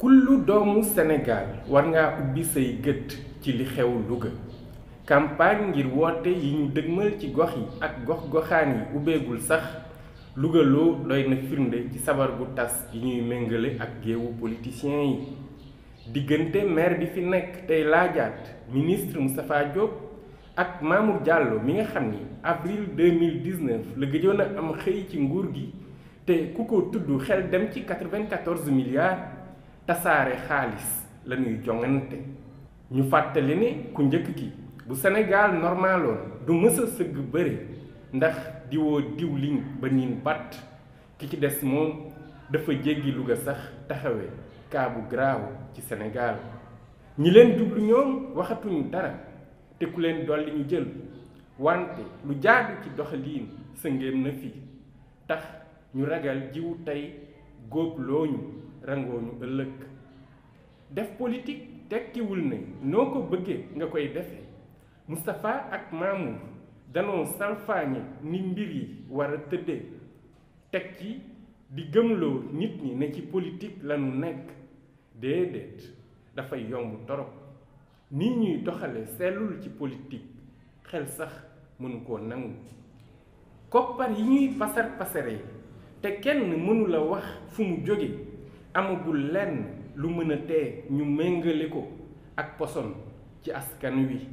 kullu doomu Sénégal war ngaa ubbi say gët ci li xew Louga campagne ngir woote yi ñu dëgmal ci gox yi ak gox-goxaan yi ubbeegul sax Louga loo doy na firnde ci sabar bu tas yi ñuy méngale ak géewu politiciens yi diggante maire bi fi nekk tey laajaat ministre Moustapha Diop ak Mamour jàlloo mi nga xam ni avril 2019 la gëjoon a am xëy ci nguur gi te ku ko tudd xel dem ci 94 milliards tasaare xaalis la ñuy jongante ñu fàttali ni ku njëkk gi bu senegaal normaloon du mës a sëgg bëri ndax diwoo diw liñ ba niin batt ki ci des moom dafa jéggi Louga sax taxawe kaabu garaaw ci senegaal ñi leen jublu ñoom waxatuñu dara te ku leen dolli ñu jël wante lu jaadu ci doxaliin sëngéem na fi tax ñu ragal jiwu tey góob looñu rangooñu ëllëg def politik tekkiwul ne noo ko bëggee nga koy defee Moustapha ak Mamour danoo salfaañe ni mbir yi war a tëddee teg ci di gëmloo nit ñi ne ci politique lanu nekk déedéet dafay yomb torop ni ñuy doxale sellul ci politique xel sax mënu koo nangu koppar yi ñuy pasar pasare te kenn mënula wax fu mu jóge amagul lenn lu mën a tee ñu méngale ko ak poson ci askan wi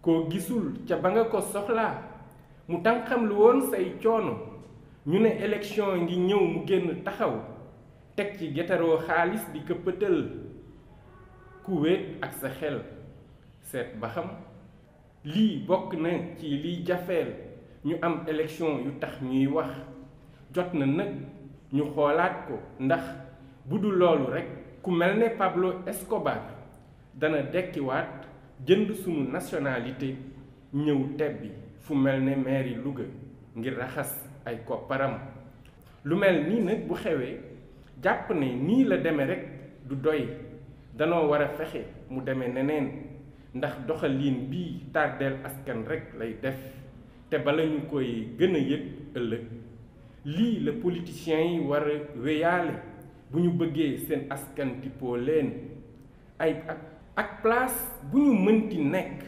ko gisul ca ba nga ko soxlaa mu tànqam lu woon say coono ñu ne élection ngi ñëw mu génn taxaw teg ci getaroo xaalis di këppatal ku wéet ak sa xel seet ba xam lii bokk na ci liy jafeel ñu am élection yu tax ñuy wax jot na nag ñu xoolaat ko ndax bu dul loolu rekk ku mel ne Pablo Escobar dana dekkiwaat jënd sunu nationalité ñëw tebbi fu mel ne meeri Louga ngir raxas ay kopparam lu mel nii nag bu xewee jàpp ne nii la demee rekk du doy danoo war a fexe mu demee neneen ndax doxalin bii tardeel askan rekk lay def te bala ñu koy gën a ëllëg lii la politiciens yi war wéyaale bu ñu bëggee seen askan tippoo leen ay ak ak bu ñu mënti nekk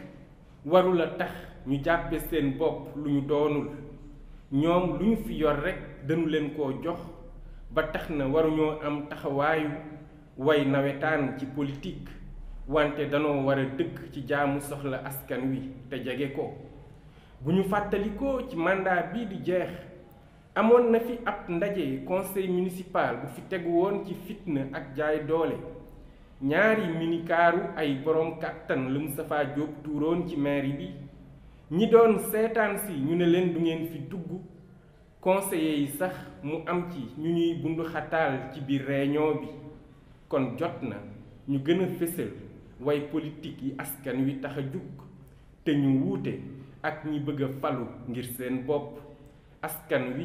warula tax ñu jàppe seen bopp lu ñu doonul ñoom lu ñu fi yor rekk dañu leen ko jox ba tax na waruñoo am taxawaayu way nawetaan ci politik wante danoo war a dëkk ci jaamu soxla askan wi te jege ko bu ñu fàttalikoo ci mandat bii di jeex amoon na fi ab ndaje conseil municipal bu fi tegu woon ci fitna ak jaay doole ñaari minikaaru ay boroom kàttan lu Moustapha Diop tuuroon ci mairie bi ñi doon seetaan si ñu ne leen du ngeen fi dugg conseillers yi sax mu am ci ñu ñuy bundu ci biir réunion bi kon jot na ñu gën a fësal way politique yi askan wi tax a jug te ñu wuute ak ñi bëgg a falu ngir seen bopp askan wi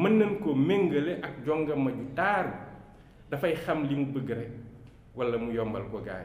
mën nañ ko méngale ak jongama ju taaru dafay xam li mu bëgg rek walla mu yombal ko gaa